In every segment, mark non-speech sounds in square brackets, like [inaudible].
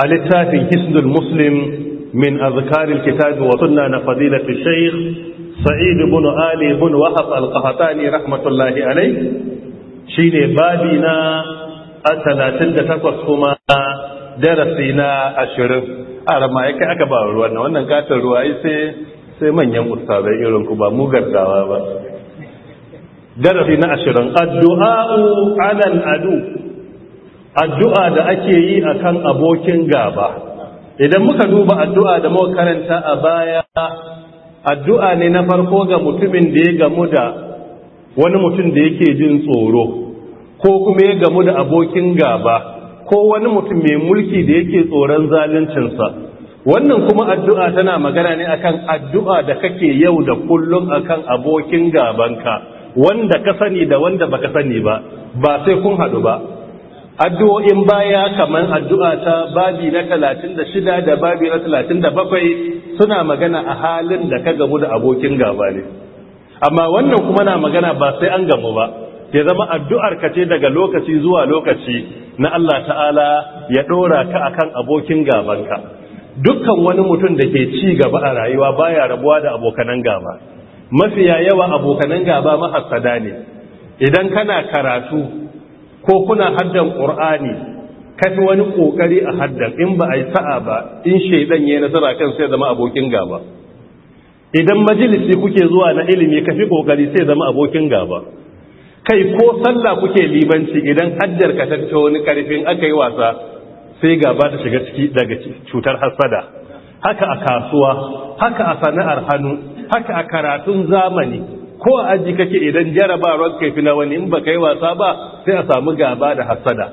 a littafin hisnul muslim min azkarin kitabi wa sunna na fadilatu shaykh sa'id ibn ali bin wahab al-qahtani rahmatullahi alayh shine babi na 38 kuma darasi na 20 a rama yake aka ba ruwa wannan katar ruwa sai sai manyan ustazai irin ku ba mu ba darasi na 20 addu'a alal adu addu'a da ake yi a kan abokin gaba idan muka duba addu'a da muka a baya addu'a ne na farko ga mutumin da ya gamu da wani mutum da yake jin tsoro ko kuma ya gamu da abokin gaba ko wani mutum mai mulki da yake tsoron zaluncinsa wannan kuma addu'a tana magana ne akan addu'a da kake yau da kullum akan abokin gabanka wanda ka sani da wanda baka sani ba ba sai kun haɗu ba addu'o'in baya kamar addu'a ta babi na talatin da babi na talatin bakwai suna magana a halin da ka gamu da abokin gaba ne amma wannan kuma na magana ba sai an gamu ba ya zama addu'ar ka ce daga lokaci zuwa lokaci na Allah ta'ala ya ɗora ka akan abokin gabanka dukkan wani mutum da ke ci gaba a rayuwa baya rabuwa da abokanan gaba mafiya yawa abokanan gaba mahassada ne idan kana karatu ko kuna haddan ƙur'ani kafi wani ƙoƙari a haddan in ba a yi sa'a ba in shaidan ya yi nasara kan sai zama abokin gaba idan majalisi kuke zuwa na ilimi kafi ƙoƙari sai zama abokin gaba kai ko sallah kuke libanci idan haddar ka tafi wani karfin aka yi wasa sai gaba ta shiga ciki daga cutar hassada. haka a kasuwa haka a sana'ar hannu haka a karatun zamani ko a aji kake idan jarabawar ka fi na wani in ba kai wasa ba sai a samu gaba da hasada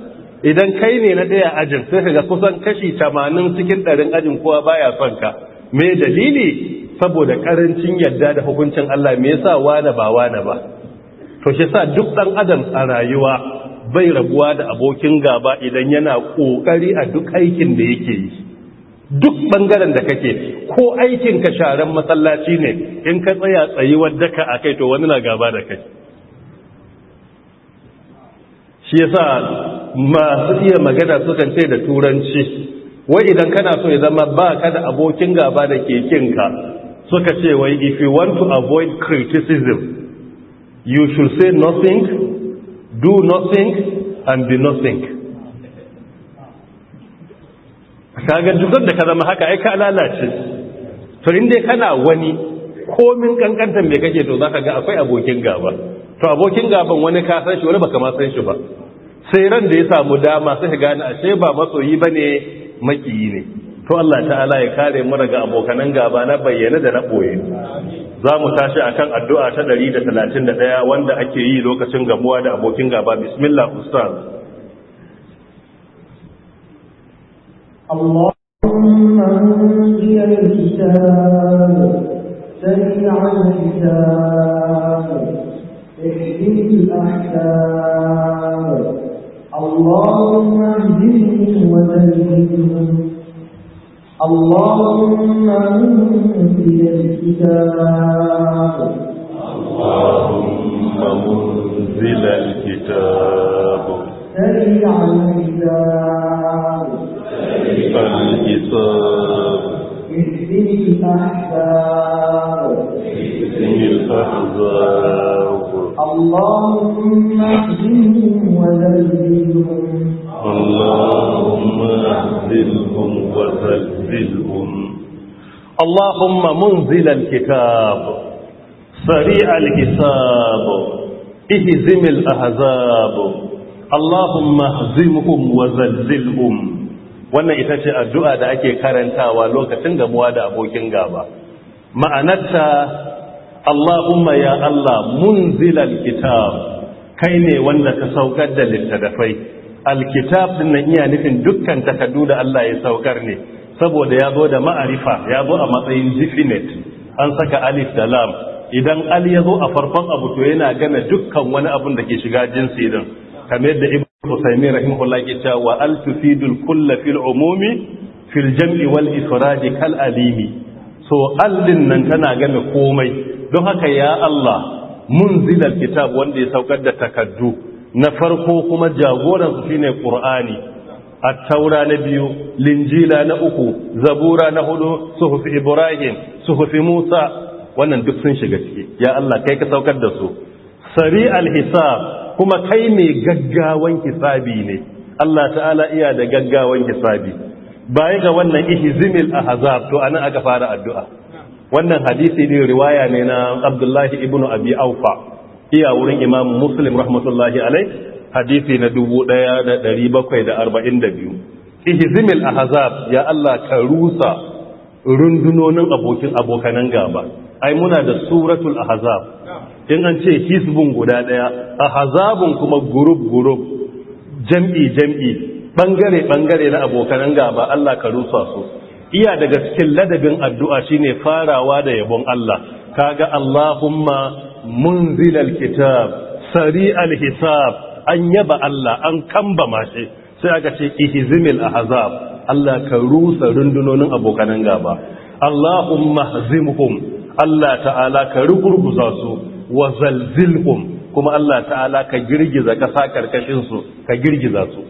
idan kai ne na daya ajin sai ka kaga kusan kashi 80 cikin ɗarin ajin kowa baya son ka me dalili saboda karancin yadda da hukuncin Allah me yasa wani ba wani ba to shi sa duk dan adam a rayuwa bai rabuwa da abokin gaba idan yana kokari a duk aikin da yake yi duk bangaren da kake ko aikin ka sharan masallaci ne in ka tsaya tsayuwar daka kai, to wani na gaba da kai shi yasa masu iya magana sukan ce da turanci wai idan kana so ya zama ba ka da abokin gaba da kekin ka, suka ce wai if you want to avoid criticism you should say nothing do nothing and be nothing kaga dukkan da ka zama haka ai ka lalace to dai kana wani komin kankantar me kake to zaka ga akwai abokin gaba to abokin gaban wani ka san shi wani baka ma san shi ba sai ran da ya samu dama sai ka gane ashe ba masoyi bane makiyi ne to Allah ta'ala ya kare mu daga abokanan gaba na bayyana da na boye za mu tashi akan addu'a ta 131 wanda ake yi lokacin gamuwa da abokin gaba bismillah ustaz اللهم انزل الكتاب سريع الكتاب احدث الأحكام اللهم اهدهم وتهدهم اللهم انزل الكتاب اللهم انزل الكتاب سريع الكتاب الأحزاب اللهم احزنهم وذللهم اللهم احزنهم وذللهم اللهم منزل الكتاب سريع الحساب اهزم الأحزاب اللهم احزمهم وزلزلهم wannan ita ce addu'a da ake karantawa lokacin gamuwa da abokin gaba ma'anarta Allahumma ya Allah munzil alkitab kai ne wanda ka saukar da littattafai alkitab din nan iya nufin dukkan takardu da Allah ya saukar ne saboda ya zo da ma'arifa ya zo a matsayin definite an saka alif da lam idan Ali ya zo a farkon abu to yana gana dukkan wani abun da ke shiga jinsi din kamar yadda Usaimin rahimahullah ke cewa al tufidul umumi fil jam'i wal ifrad kal alimi so allin nan tana game komai don haka ya Allah munzilal kitab wanda ya saukar da takaddu na farko kuma jagoran su shine Qur'ani at-taura na biyu linjila na uku zabura na hudu suhuf ibrahim suhuf musa wannan duk sun shiga ciki ya Allah kai ka saukar da su sari al-hisab kuma kai mai gaggawan hisabi ne Allah ta'ala iya da gaggawan hisabi bayan ga wannan ihzimil ahzab to anan aka fara addu'a wannan hadisi din riwaya ne na Abdullahi ibn Abi Aufa iya wurin Imam Muslim rahmatullahi alaih. hadisi na 1742 ihzimil ahzab ya Allah ka rusa rundunonin abokin abokanan gaba ai muna da suratul ahzab in an ce hisbun guda daya a hazabun kuma gurub gurub jam'i jam'i bangare bangare na abokan gaba Allah ka rusa su iya daga cikin ladabin addu'a shine farawa da yabon Allah kaga Allahumma munzilal kitab al hisab an yaba Allah an kamba mashi sai aka ce ihzimil ahzab Allah ka rusa rundunonin abokan gaba Allahumma hazimhum Allah ta'ala ka rugurguza su wa zalzilhum kuma Allah ta'ala ka girgiza kasa karkashin su ka girgiza su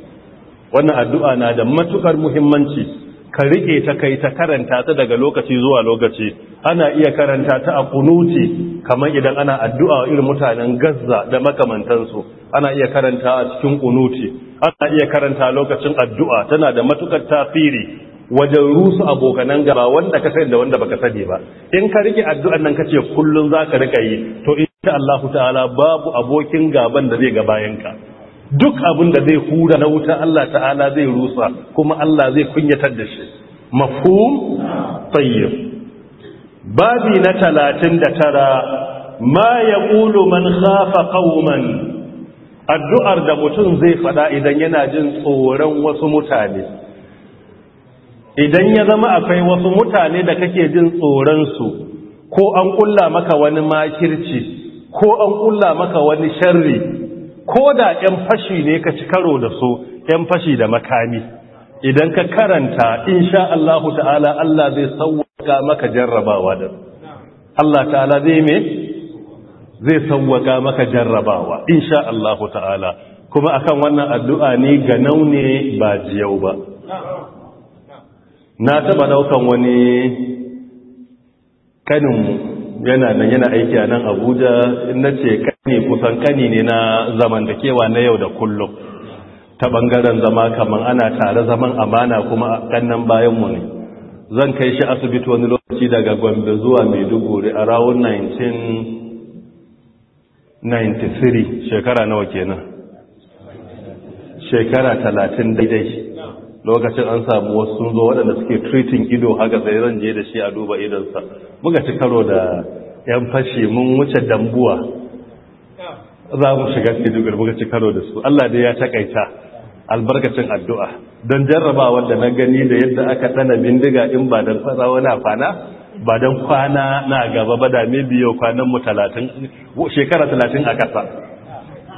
wannan addu'a na da matukar muhimmanci ka rike ta kai ta karanta ta daga lokaci zuwa lokaci ana iya karanta ta a kunuti kamar idan ana addu'a irin mutanen Gaza da makamantansu ana iya karanta a cikin kunuti ana iya karanta lokacin addu'a tana da matukar tasiri wajen rusu abokanan gaba wanda ka sani da wanda baka sani ba in ka rike addu'an nan kace kullun zaka rika yi to ta Allah ta'ala babu abokin gaban da zai ga bayanka duk abin da zai hura na wuta Allah ta'ala zai rusa kuma Allah zai kunyatar da shi mafhum tayyib babi na 39 ma yaqulu man khafa qauman addu'ar da mutum zai fada idan yana jin tsoron wasu mutane idan ya zama akwai wasu mutane da kake jin tsoron su ko an kulla maka wani makirci ko an ƙulla maka wani sharri ko da ‘yan fashi ne ka ci karo da su ‘yan fashi da makami idan ka karanta insha Allah ta'ala Allah zai sauwaka maka jarrabawa da Allah ta'ala zai me zai sauwaka maka jarrabawa insha Allah ta'ala kuma akan wannan addu'a ne ga naune ba jiyau ba na taba daukan wani kaninmu yana nan yana aiki a nan abuja na ce kani kusan kani ne na zaman kewa na yau da kullum ta ɓangaren zama kamar ana tare zaman amana kuma a kannan bayanmu ne zan kai shi asibiti wani lokaci daga gombe zuwa maiduguri a rawun 1993 shekara nawa kenan shekara 30 daidai lokacin an samu wasu sun zo waɗanda suke treating ido haka sai zan je da shi a duba idonsa muka ci karo da yan fashe mun wuce dambuwa za mu shiga dubar muka ci karo da su Allah dai ya takaita albarkacin addu'a don jarraba wanda na gani da yadda aka tsana bindiga in ba don fara wani kwana ba don kwana na gaba ba da mai biyo kwanan mu talatin shekara talatin a ƙasa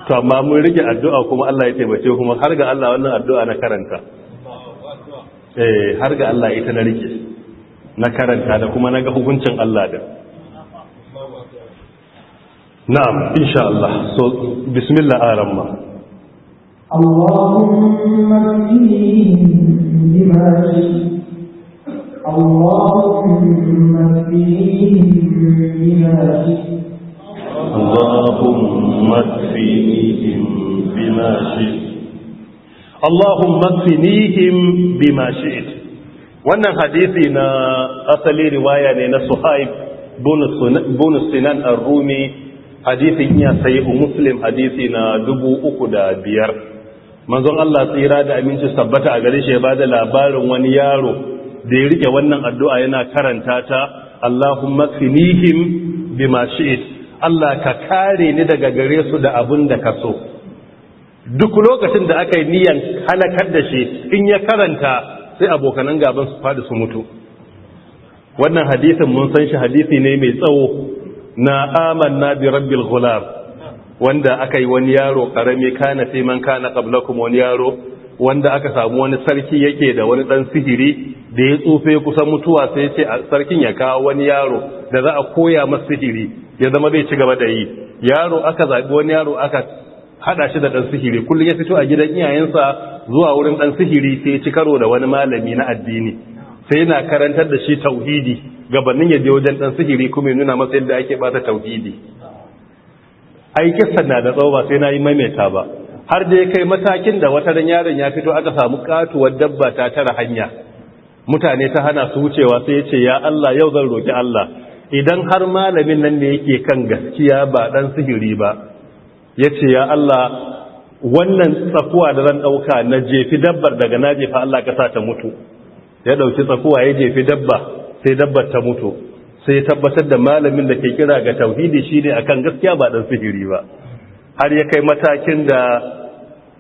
to amma mun rage addu'a kuma Allah ya taimake kuma har ga Allah wannan addu'a na karanta Eh, har ga Allah ita na rike na karanta da kuma na ga hukuncin Allah da na'am insha Allah so bismillah aramma Allahumma bima Allahumma bima Allahumma bima Allahumma finihim bima shi'it wannan hadisi na asali riwaya ne na Suhaib bin Sinan ar-Rumi hadisin ya sai Muslim hadisi na dubu uku da biyar manzon Allah tsira da aminci sabbata a gare shi ya da labarin wani yaro da ya rike wannan addu'a yana karanta ta Allahumma finihim bima shi'it Allah ka kare ni daga gare su da abin da ka so duk lokacin da aka yi niyan halakar da shi in ya karanta sai abokanan gaban su fadi su mutu wannan hadisin mun san shi hadisi ne mai tsawo na amanna bi rabbil ghulam wanda aka yi wani yaro karami kana sai man kana qablakum wani yaro wanda aka samu wani sarki yake da wani dan sihiri da ya tsufe kusan mutuwa sai ya ce sarkin ya kawo wani yaro da za a koya masa sihiri ya zama bai ci gaba da yi yaro aka zabi wani yaro aka hada shi da dan sihiri kullum ya fito a gidan iyayensa zuwa wurin dan sihiri sai ya ci karo da wani malami na addini sai yana karantar da shi tauhidi gabanin ya je wajen dan sihiri kuma ya nuna masa yadda ake bata tauhidi ai kissa na da tsawo sai na yi maimaita ba har da ya kai matakin da wata ran yaron ya fito aka samu katuwar dabba ta tara hanya mutane ta hana su wucewa sai ya ce ya Allah yau zan roki Allah idan har malamin nan ne yake kan gaskiya ba dan sihiri ba ya ce ya Allah wannan tsakuwa da zan ɗauka na jefi dabbar daga na jefa Allah ƙasa ta mutu ya ɗauki tsakuwa ya jefi dabba sai dabbar ta mutu sai ya tabbatar da malamin da ke kira ga tauhidi shi ne akan gaskiya ba ɗan sihiri ba har ya kai matakin da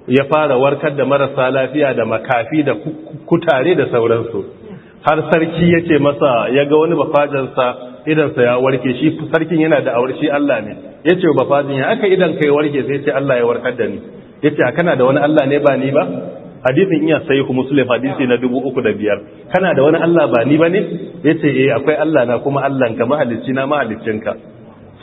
ya fara warkar da marasa lafiya da makafi da kutare da sauransu har sarki ya ce masa ya ga wani bafajansa idansa ya warke shi sarkin yana da aure, shi Allah ne yace ba fadin ya aka idan kai warke sai ce Allah ya warkar da ni yace kana da wani Allah ne ba ni ba hadisin iya sai ku muslim hadisi na dubu kana da wani Allah ba ni bane yace eh akwai Allah na kuma Allah ka mahalicci na mahaliccinka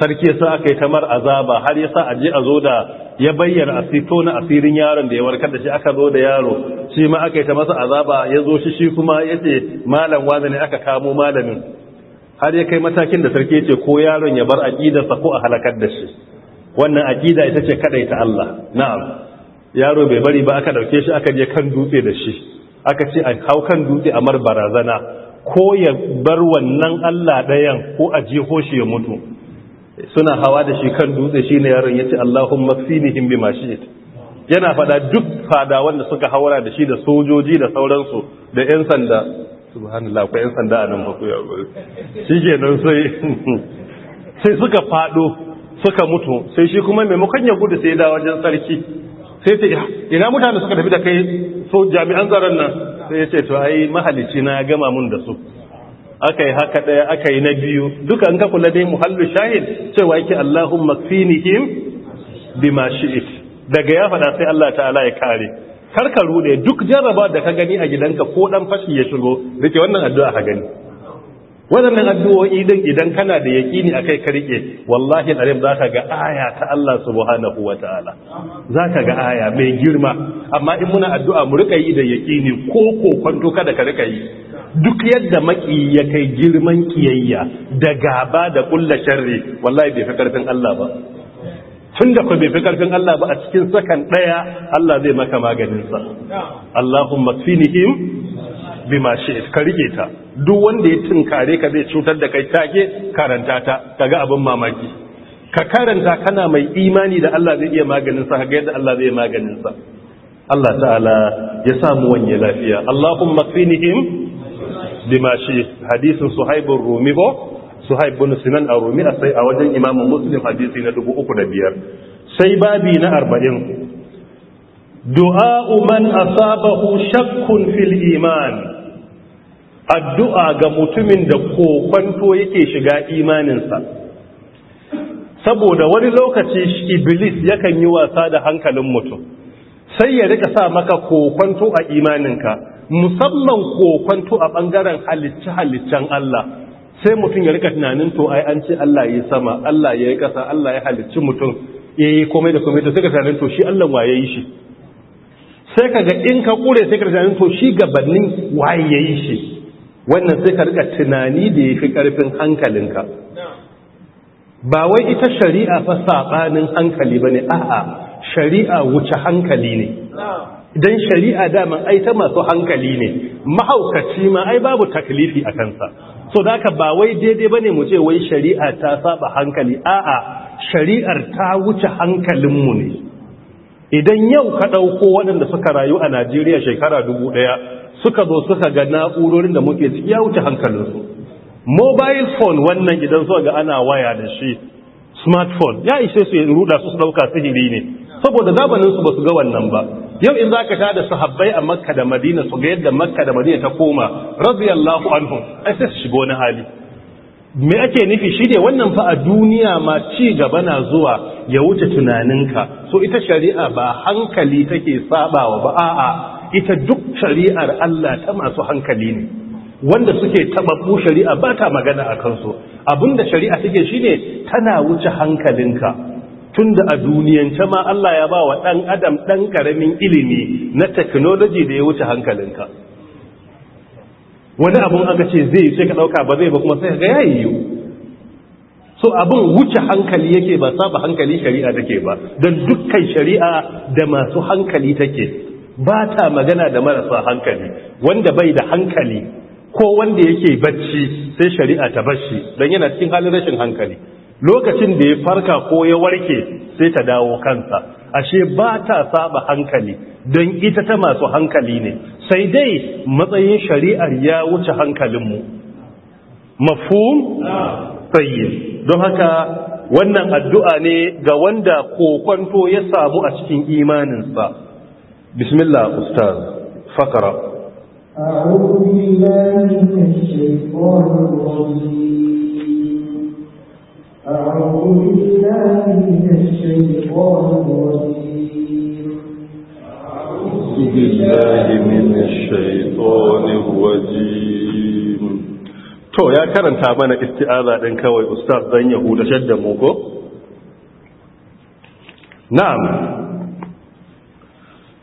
sarki yasa aka yi kamar azaba har yasa aje a zo da ya bayyana a asito na asirin yaron da ya warkar da shi aka zo da yaro shi ma aka yi ta masa azaba ya zo shi shi kuma yace malam wazani aka kamo malamin har ya kai matakin da sarki ce ko yaron ya bar aqidarsa ko a halakar da shi wannan aqida ita ce kadai ta Allah na'am yaro bai bari ba aka dauke shi aka je kan dutse da shi aka ce a hau kan dutse a mar barazana ko ya bar wannan Allah dayan ko a jeho shi ya mutu suna hawa da shi kan dutse shine yaron yace Allahumma fsinihim bima shi'it yana fada duk fada wanda suka haura da shi da sojoji da sauransu da 'yan sanda subhanallah ko yan sanda a nan ba ku shikenan sai [laughs] sai suka fado suka mutu sai shi kuma maimakon ya gudu sai da wajen sarki sai ta ina mutane suka tafi da kai so jami'an tsaron nan sai ya ce to ai mahalici na gama mun da su aka yi haka daya aka yi na biyu duka an ka kula dai muhallu shahid cewa yake Allahumma him bima shi'it daga ya faɗa sai Allah ta'ala ya kare karkaru ruɗe duk jarrabawa da ka gani a gidanka ko dan fashi ya shigo dake wannan addu'a ka gani Wannan addu'o'i din idan kana da yaqini akai ka rike wallahi za zaka ga aya ta Allah subhanahu wataala zaka ga aya mai girma amma in muna addu'a mu rika yi da yaqini ko ko kwanto kada ka rika yi duk yadda maki ya kai girman kiyayya da gaba da kullu sharri wallahi bai fi karfin Allah ba tun da kuma bai Allah ba a cikin sakan ɗaya Allah zai maka maganinsa Allahumma finihim bima shi'it ka rike ta duk wanda ya tinkare ka zai cutar da kai take karanta ta kaga abin mamaki ka karanta kana mai imani da Allah zai iya maganinsa kaga yadda Allah zai maganinsa Allah ta'ala ya samu wanye lafiya Allahumma finihim bima shi'it hadisin suhaibur rumi ba. suhaib bin sinan a a sai a wajen imamu muslim hadisi na dubu uku da biyar sai babi na arba'in du'a'u man asabahu shakkun fil iman addu'a ga mutumin da kokwanto yake shiga imaninsa saboda wani lokaci iblis yakan yi wasa da hankalin mutum sai ya rika sa maka kokwanto a imaninka musamman kokwanto a ɓangaren halicci halicci Allah sai mutum ya rika tunanin to ai an ce Allah ya sama Allah ya yi ƙasa Allah ya halicci mutum ya yi komai da komai to sai ka tunanin to shi Allah waye yi shi sai ka ga in ka kure sai ka tunanin to shi gabanin waye ya yi shi wannan sai ka rika tunani da ya fi ƙarfin hankalinka ba wai ita shari'a fa saɓanin hankali ba ne a'a shari'a wuce hankali ne don shari'a daman ai ta masu hankali ne mahaukaci ma ai babu taklifi a kansa so da ka ba wai daidai bane mu ce wai shari'a ta saba hankali a'a shari'ar ta wuce hankalinmu ne idan yau ka ɗauko waɗanda suka rayu a najeriya shekara dubu ɗaya suka zo suka ga na'urorin da muke ciki ya wuce hankalinsu mobile phone wannan idan zuwa ga ana waya da shi smartphone ya ishe su ruda su ɗauka sihiri ne saboda zamaninsu ba su ga wannan ba yau in za ka da sahabbai a makka da madina su ga yadda makka da madina ta koma radiyallahu anhu ai sai su shigo na hali me ake nufi shi ne wannan fa a duniya ma ci gaba na zuwa ya wuce tunaninka so ita shari'a ba hankali take sabawa ba a'a ita duk shari'ar Allah ta masu hankali ne wanda suke tababbu shari'a ba ta magana a kansu abinda shari'a take shine tana wuce hankalinka Tun da a duniyance ma Allah ya ba wa ɗan adam ɗan ƙaramin ilimi na technology da ya wuce hankalinka wani abun aka ce zai yi sai ka ɗauka ba zai ba kuma sai ga yayi yiwu so abin wuce hankali yake ba saba hankali shari'a take ba don dukkan shari'a da masu hankali take ba ta magana da marasa hankali wanda bai da hankali ko wanda yake bacci sai shari'a ta bashi don yana cikin halin rashin hankali lokacin da ya farka ko ya warke sai ta dawo kansa ashe ba ta saba hankali don ita ta masu hankali ne sai dai matsayin shari'ar ya wuce hankalinmu mafhum tsaye don haka wannan addu'a ne ga wanda kokwanto ya samu a cikin imaninsa bismillah ustaz fakara أعوذ بالله من الشيطان الرجيم to ya karanta mana isti'aza din kawai ustaz dan yahuda shadda mu ko na'am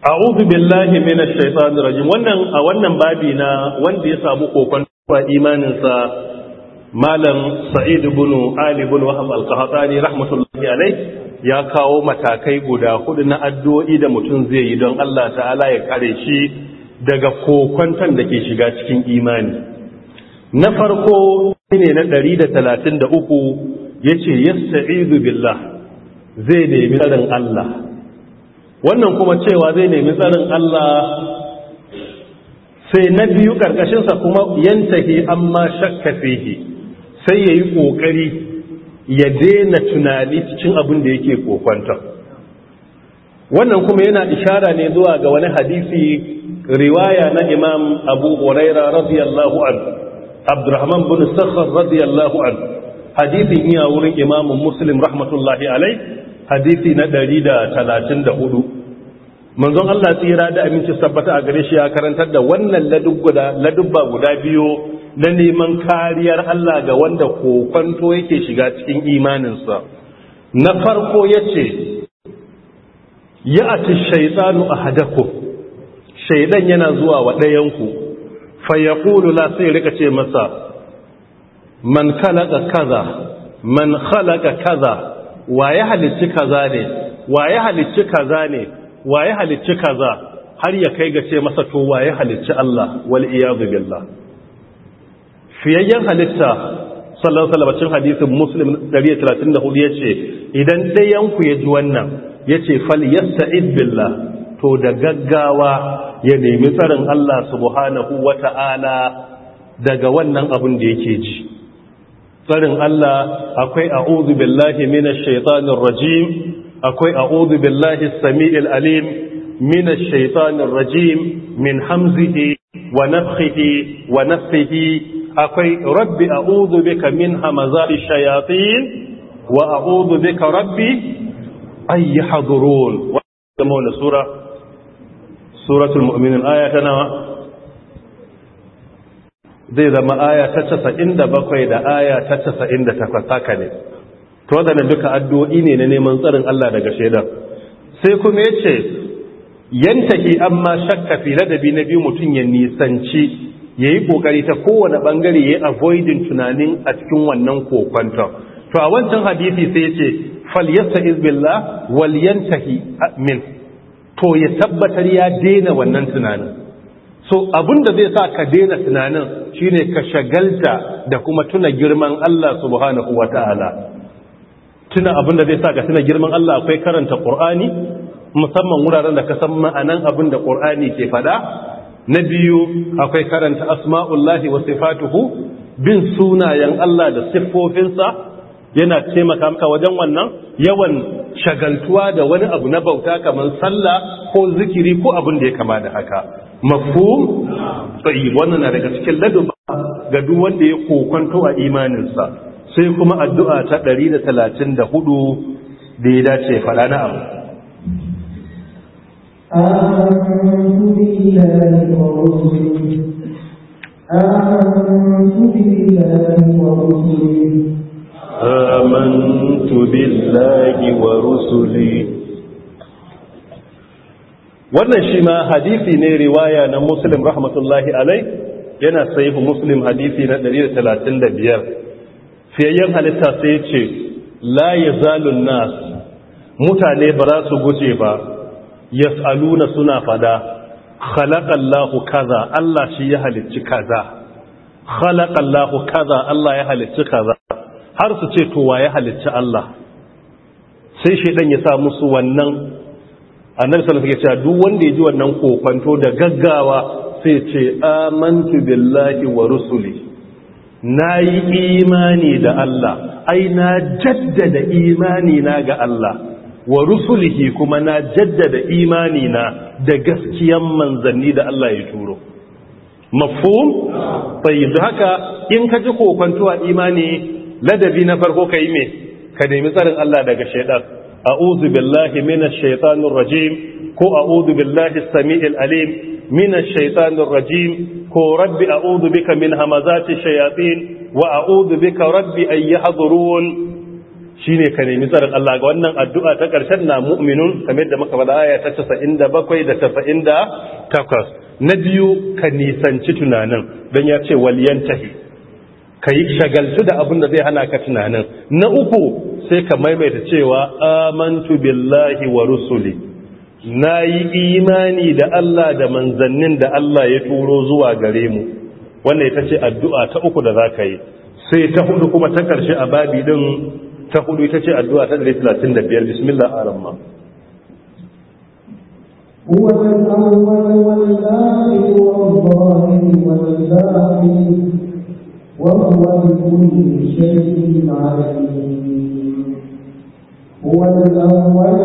a'udhu billahi minash shaitanir rajim wannan a wannan babi na wanda ya samu kokon imaninsa malam sa'id ibn ali ibn wahab al-qahtani rahmatullahi alayh ya kawo matakai guda hudu na addu'o'i da mutum zai yi don Allah ta'ala ya kare shi daga kokwantan da ke shiga cikin imani na farko ne na 133 yace yasta'izu billah zai nemi tsarin Allah wannan kuma cewa zai nemi tsarin Allah sai na biyu sa kuma yantahi amma shakka fihi sai ya yi ƙoƙari ya daina tunani cikin abin da yake kokwanta wannan kuma yana ishara ne zuwa ga wani hadisi riwaya na imam abu huraira radiyallahu an abdurrahman bin sakhar radiyallahu an hadisin a wurin imamun muslim rahmatullahi alai hadisi na 134 manzon Allah tsira da aminci sabbata a gare shi ya karantar da wannan ladubba guda biyu na neman kariyar Allah ga wanda kokwanto yake shiga cikin imaninsa na farko ya ce ya ati shaitanu a hadako shaidan yana zuwa wa ɗayanku fayakulu la sai rika ce masa man kalaka kaza man kaza wa ya halicci kaza ne wa ya halicci kaza ne wa ya halicci kaza har ya kai ga ce masa to wa ya halicci Allah wal iyazu billah fiyayyen halitta sallallahu salabacin hadisin muslim 134 yace idan ɗayanku ya ji wannan yace falyasta'id billah to da gaggawa ya nemi tsarin Allah subhanahu wata'ala daga wannan abin da yake ji tsarin Allah akwai a'udhu billahi mina shaitanin rajim akwai a'udhu billahi samiil alim mina shaitanin rajim min hamzihi wa nafthihi wa nafthihi akwai rabbi a'udhu bika min hamazati shayatin wa a'udhu bika rabbi ayi yahdurun wa kama wannan sura suratul mu'minin aya ta nawa zai zama aya ta 97 da aya ta 98 haka ne to duka addu'o'i ne na neman tsarin Allah daga shedan sai kuma yace yantaki amma shakka fi ladabi na biyu mutum ya nisanci ya yi kokari ta kowane ɓangare ya yi avoidin tunanin a cikin wannan kokwanton to a wancan hadisi sai ce falyasta izbillah walyantahi min to ya tabbatar ya daina wannan tunanin so abinda zai sa ka daina tunanin shine ka shagalta da kuma tuna girman Allah subhanahu wata'ala tuna abinda zai sa ka tuna girman Allah akwai karanta Qur'ani musamman wuraren da ka san ma'anan abinda Qur'ani ke faɗa na biyu akwai karanta asma'ullahi wa sifatuhu bin sunayen Allah da siffofinsa yana taimaka maka wajen wannan yawan shagaltuwa da wani abu na bauta kamar sallah ko zikiri ko abin da ya kama da haka mafhum tayyib wannan na daga cikin ladaba ga duk wanda ya kokonto a imaninsa sai kuma addu'a ta 134 da ya dace fada na abu آمنت بالله ورسله آمنت بالله ورسله آمنت بالله ورسله wannan shi ma hadisi ne riwaya na muslim rahmatullahi alai yana sahihu muslim hadisi na 135 fiyayyen halitta sai ce la zalun nas mutane ba za su guje ba yas'aluna suna fada khalaqallahu kaza Allah shi ya halicci kaza khalaqallahu kaza Allah ya halicci kaza har su ce to wa ya halicci Allah sai shedan ya sa musu wannan annabi sallallahu alaihi wasallam ya ce duk wanda ya ji wannan kokonto da gaggawa sai ce amantu billahi wa rusuli nayi imani da Allah ai na jaddada imani na ga Allah wa rusulihi kuma na jaddada imani na da gaskiyan manzanni da Allah ya turo mafhum sai haka in ka ji kokontuwa imani ladabi na farko kai me ka nemi tsarin Allah daga shaytan a'udhu billahi minash shaitanir rajim ko a'udhu billahi samiil alim minash shaitanir rajim ko rabbi a'udhu bika min hamazati shayatin wa a'udhu bika rabbi an yahdurun Shi ne ka nemi tsarin Allah ga wannan addu'a ta ƙarshen na mu'minun kamar da maka bada aya ta 97 da takwas. na biyu ka nisanci tunanin don ya ce waliyantahi ka yi shagaltu da abin da zai hana ka tunanin na uku sai ka maimaita cewa amantu billahi wa rusuli na yi imani da Allah da manzannin da Allah ya turo zuwa gare mu wannan ita ce addu'a ta uku da za ka yi sai ta hudu kuma ta karshe a babi din ta hudu ita ce addu'a ta 35 bismillah aramma هو الأول والآخر والظاهر والباطن وهو بكل شيء عليم هو الأول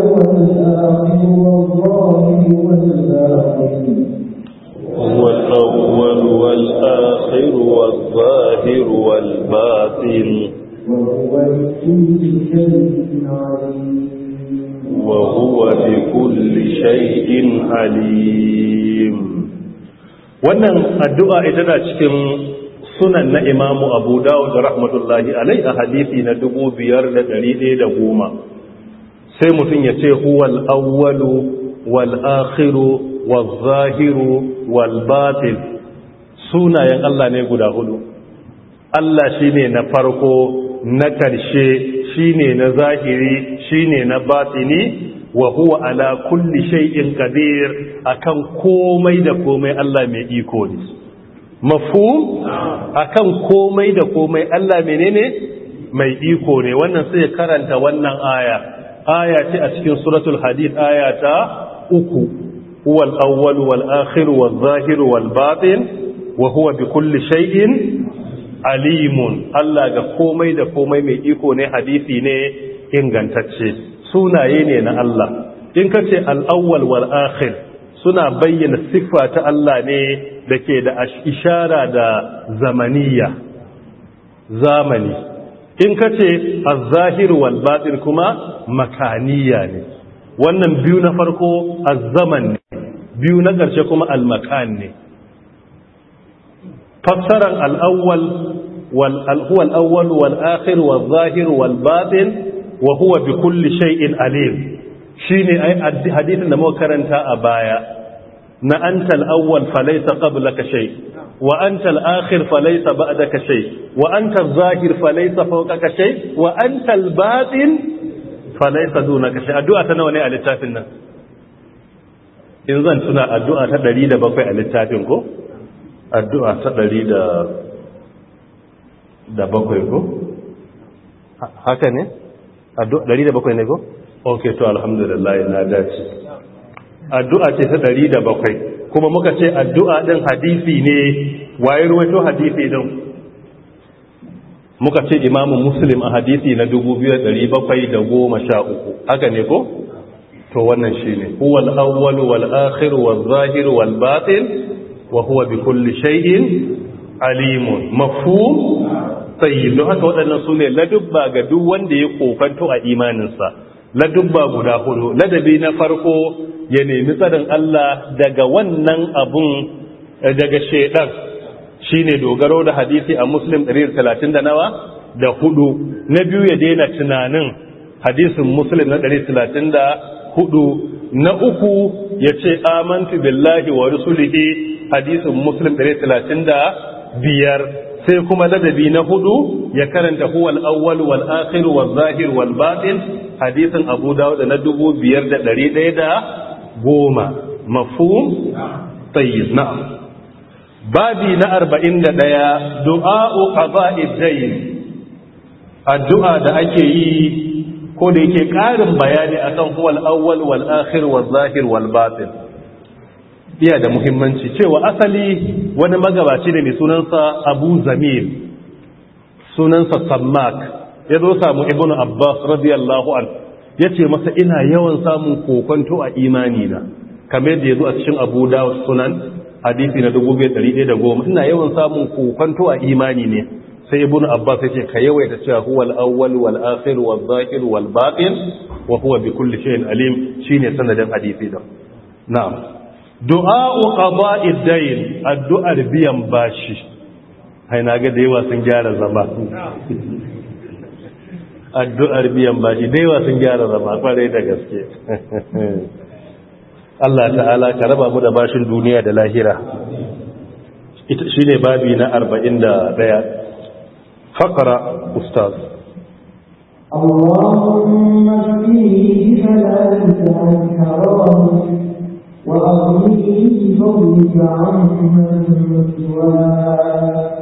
والآخر والظاهر والباطن وهو بكل شيء عليم وهو بكل شيء عليم wannan addu'a ita na cikin sunan na imamu abu dawud rahmatullahi alai a hadithi na goma. sai mutum ya ce huwal awwalu wal akhiru wal zahiru wal batil sunayen Allah ne guda hudu Allah shi ne na farko na ƙarshe shi ne na zahiri shi ne na batini wa huwa ala kulli shay'in qadir akan komai da komai Allah mai iko ne mafhum akan komai da komai Allah menene mai iko ne wannan sai karanta wannan aya aya ce a cikin suratul hadid aya ta uku huwal awwal wal akhir wal zahir wal batin wa huwa bi kulli shay'in alimun Allah ga komai da komai mai iko ne hadisi ne ingantacce sunaye ne na Allah in ka ce al'awwal wal akhir suna bayyana siffa ta Allah ne da ke da ishara da zamaniya zamani in ka ce az-zahir wal batin kuma makaniya ne wannan biyu na farko az-zaman ne biyu na ƙarshe kuma al-makan ne fassaran al'awwal huwa al'awwal wal akhir wal zahir wal batin wa huwa bi kulli shay'in alim shine ai hadisin da muka karanta a baya na anta al'awwal falaysa qablaka shay wa anta al-akhir falaysa ba'daka shay wa anta adh-dhahir falaysa fawqaka shay wa anta al-batin falaysa dunaka shay addu'a ta nawa ne a littafin nan in zan tuna addu'a ta ɗari da bakwai a littafin ko addu'a ta ɗari da bakwai ko? haka ne? ɗari da bakwai ne ko? ok to alhamdulillah na dace addu'a ce ta ɗari da bakwai kuma muka ce addu'a ɗin hadisi ne waye ruwaito hadisi ɗin muka ce imamu muslim a hadisi na 2713 haka ne ko? to wannan shi ne huwal awwal wal akhir wal zahir wal batin Wahuwa huwa bi kulli shay'in alimun mafhum tayyib don haka waɗannan su ne dubba ga duk wanda ya kokanto a imaninsa dubba guda hudu ladabi na farko ya nemi tsarin Allah daga wannan abun eh, daga shedan shine dogaro da hadisi a muslim 130 da nawa da hudu na biyu ya daina tunanin hadisin muslim na 134 na uku ya ce amantu billahi wa rusulihi hadisin muslim 135 sai kuma ladabi na hudu ya karanta huwal awwal wal akhir wal zahir wal batin hadisin abu dawud na 5110 mafhum tayyib na'am babi na 41 du'a'u qada'id dayn addu'a da ake yi ko da yake karin bayani akan huwal awwal wal akhir wal zahir wal batin iya da muhimmanci cewa asali wani magabaci da mai sunansa abu zamir sunansa sammak ya zo samu ibn abbas radiyallahu an ya ce masa ina yawan samun kokonto a imanina kamar yadda ya zo a cikin abu dawud sunan hadisi na goma, ina yawan samun kokonto a imani ne sai ibn abbas yake ka yawaita cewa huwa al-awwal wal akhir wal zahir wal batin wa huwa bi kulli shay'in alim shine sanadin hadisi da na'am du'a'u qada'i dayn addu'ar biyan bashi hai na ga da yawa sun gyara zama [laughs] addu'ar biyan bashi da yawa sun gyara zama kware da gaske [laughs] Allah ta'ala ka raba mu da bashin duniya da lahira Ita shine babi na 41 faqra ustaz اللهم اكفني بحلالك عن حرامك وأغنني بفضلك من سواك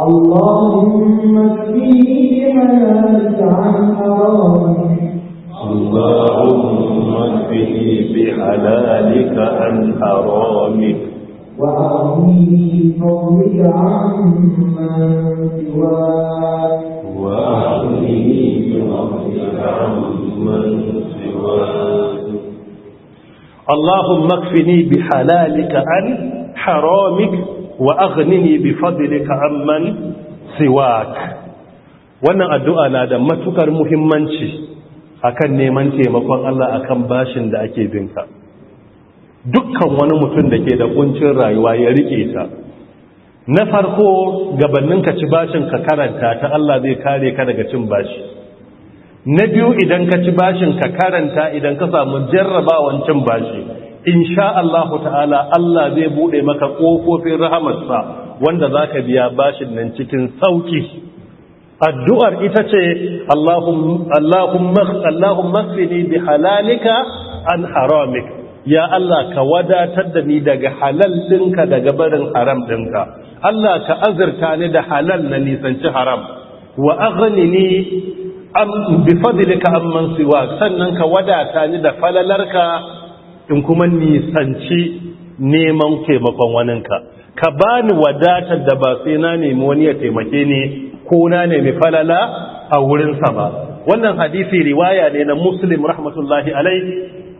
اللهم اكفني بحلالك عن حرامك اللهم اكفني بحلالك عن حرامك وأغنني بفضلك من سواك وأغنني بفضلك من سواك اللهم اكفني بحلالك عن حرامك وأغنني بفضلك عمن سواك wannan addu'a na da matukar muhimmanci akan neman taimakon Allah akan bashin da ake binka dukkan wani mutum da ke da kuncin rayuwa ya rike ta na farko gabanin ka ci bashin ka karanta ta Allah zai kare ka daga cin bashi na biyu idan ka ci bashin ka karanta idan ka samu jarrabawan cin bashi insha Allah ta'ala Allah zai bude maka kofofin rahamarsa wanda zaka biya bashin nan cikin sauki addu'ar ita ce Allahumma khfini bi halalika an haramik ya Allah ka wadatar da ni daga halal dinka daga barin haram dinka Allah ka azurta ni da halal na nisanci haram wa aghnini bi fadlika amman siwa sannan ka wadata ni da falalarka in kuma nisanci neman taimakon waninka ka bani wadatar da ba sai na nemi wani ya taimake ni ko na nemi falala a wurinsa ba wannan hadisi riwaya ne na muslim rahmatullahi alai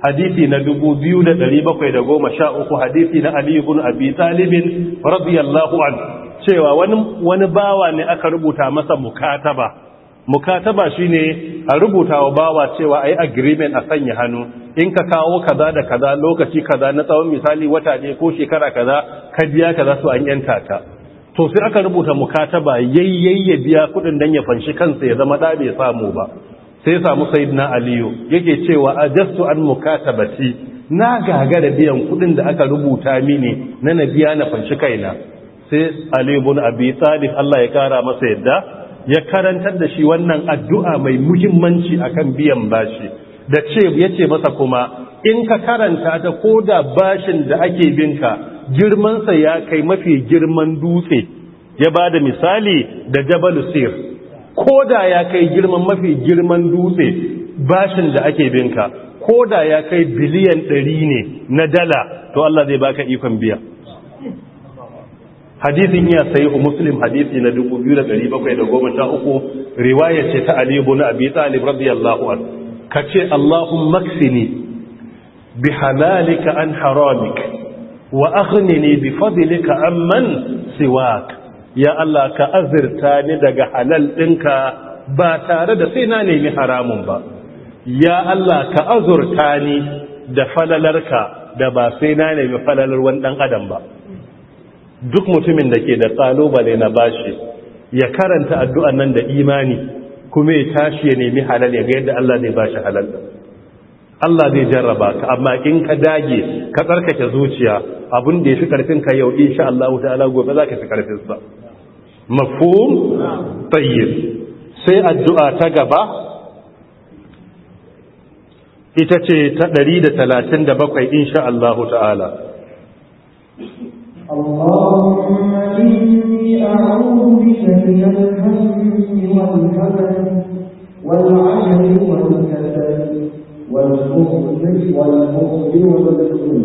hadisi na 2713 hadisi na ali ibn abi talib radiyallahu an cewa wani wani bawa ne aka rubuta masa mukataba mukataba shi ne a rubuta wa bawa cewa a yi agreement a sanya hannu in ka kawo kaza da kaza lokaci kaza na tsawon misali wata ne ko shekara kaza ka biya kaza su an yanta ta to sai aka rubuta mukataba yayyay ya biya kudin dan ya fanshi kansa ya zama ɗa bai samu ba sai samu sayyidina aliyu yake cewa a ajastu an mukatabati na gaga da biyan kudin da aka rubuta mini na na biya na fanshi kaina sai aliyu a abi talib Allah ya kara masa yadda ya karantar da shi wannan addu'a mai muhimmanci a kan biyan bashi da ce yace masa kuma in ka karanta ta ko da bashin da ake binka girmansa ya kai mafi girman dutse ya ba da misali da jabal sir ko da ya kai girman mafi girman dutse bashin da ake binka ko da ya kai biliyan ɗari ne na dala to Allah zai baka ikon biya hadisin ya sayihu muslim hadisi na 2713 riwaya ce ta ali ibn abi talib radiyallahu an kace allahumma maksini bi halalika an haramik wa aghnini bi fadlika amman siwak ya allah ka azirta ni daga halal dinka ba tare da sai na nemi haramun ba ya allah ka azurta ni da falalarka da ba sai na nemi falalar wani dan adam ba duk mutumin da ke da kalubale na bashi ya karanta addu'an nan da imani kuma ya tashi ya nemi halal ya ga yadda Allah zai bashi halal Allah zai jarraba ka amma in ka dage ka tsarkake zuciya abin da ya fi karfin ka yau insha Allah ta'ala gobe za ka fi karfin sa mafhum sai addu'a ta gaba ita ce ta 137 insha Allah ta'ala اللهم إني أعوذ بك من الهم والهمل والعجل والكسل والبخل والبخل والبخل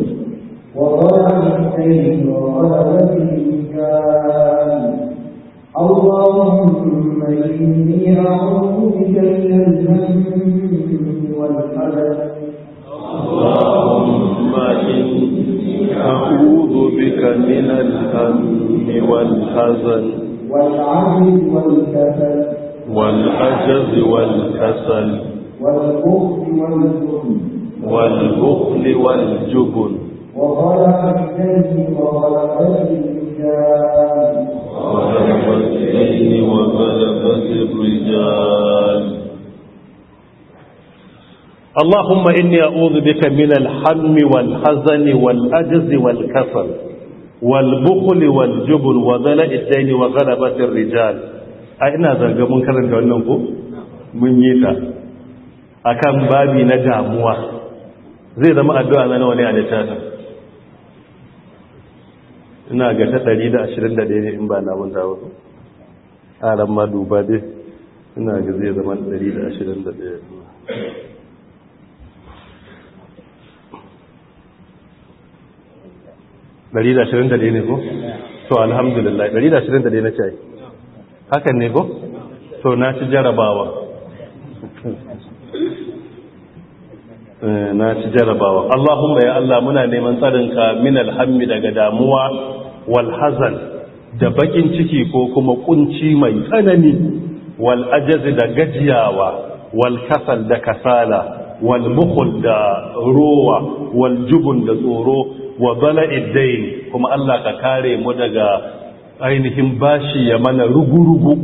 وضلع الدين وغلبة الإنسان اللهم إني أعوذ بك من الهم والحزن اللهم إني أعوذ بك من الهم والحزن والعجز والكسل والعجز والكسل والبخل والجبن والبخل والجبن وغلبة الكذب اللهم إني أعوذ بك من الحم والحزن والأجز والكسل والبخل والجبن وذلاء الدين وغلبة الرجال أين ذلك منكرا لأنه من يتا أكام بابي نجاموا زي ذا ما أدعى أنا ولي على شاتا ina ga ta 121 ne in ba na wanda wasu a ran ma duba dai ina ga zai zama 121 121 ne ko to alhamdulillah 121 na ce hakan ne ko to na ci jarabawa eh, na ci jarabawa Allahumma ya Allah muna neman tsarinka min alhammi daga damuwa wal hazan da bakin ciki ko kuma kunci mai tsanani wal da gajiyawa wal kasal da kasala da da wal jubun da tsoro wa وضلع الدين kuma Allah ka kare mu daga ainihin bashi ya mana rugurugu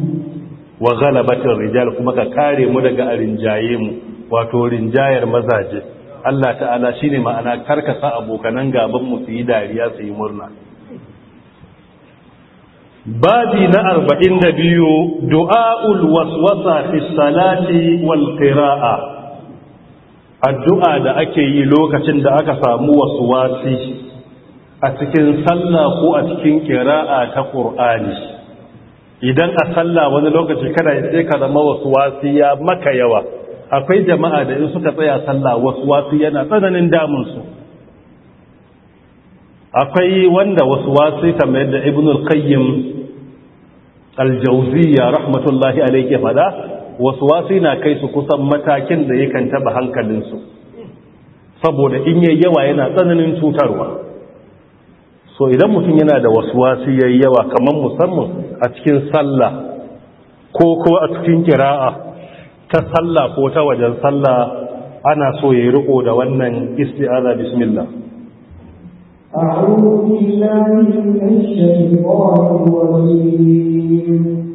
wa ghalabatir rijal kuma ka kare mu daga arinjaye mu wato rinjayar mazaje Allah ta'ala shine ma'ana karkasa abokanan gaban mu su yi dariya su yi murna babi na arba'in da biyu du'a'ul waswasa fi salati wal qira'a addu'a da ake yi lokacin da aka samu wasu wasi a cikin sallah ko a cikin ƙira'a ta ƙur'ani idan a sallah wani lokaci kada ya sai ka zama wasu wasi ya maka yawa akwai jama'a da in suka tsaya sallah wasu wasi yana tsananin damunsu akwai wanda wasu wasi kamar yadda ibn al-qayyim al-jawziya rahmatullahi alayhi fada wasu yana kai su kusan matakin da ya yakan taba hankalinsu saboda in yi yawa yana tsananin cutarwa so idan mutum yana da wasu yi yawa kamar musamman a cikin sallah ko ko a cikin kira'a ta sallah ko ta wajen sallah ana so ya yi riko da wannan isti'aza bismillah أعوذ بالله من الشيطان الرجيم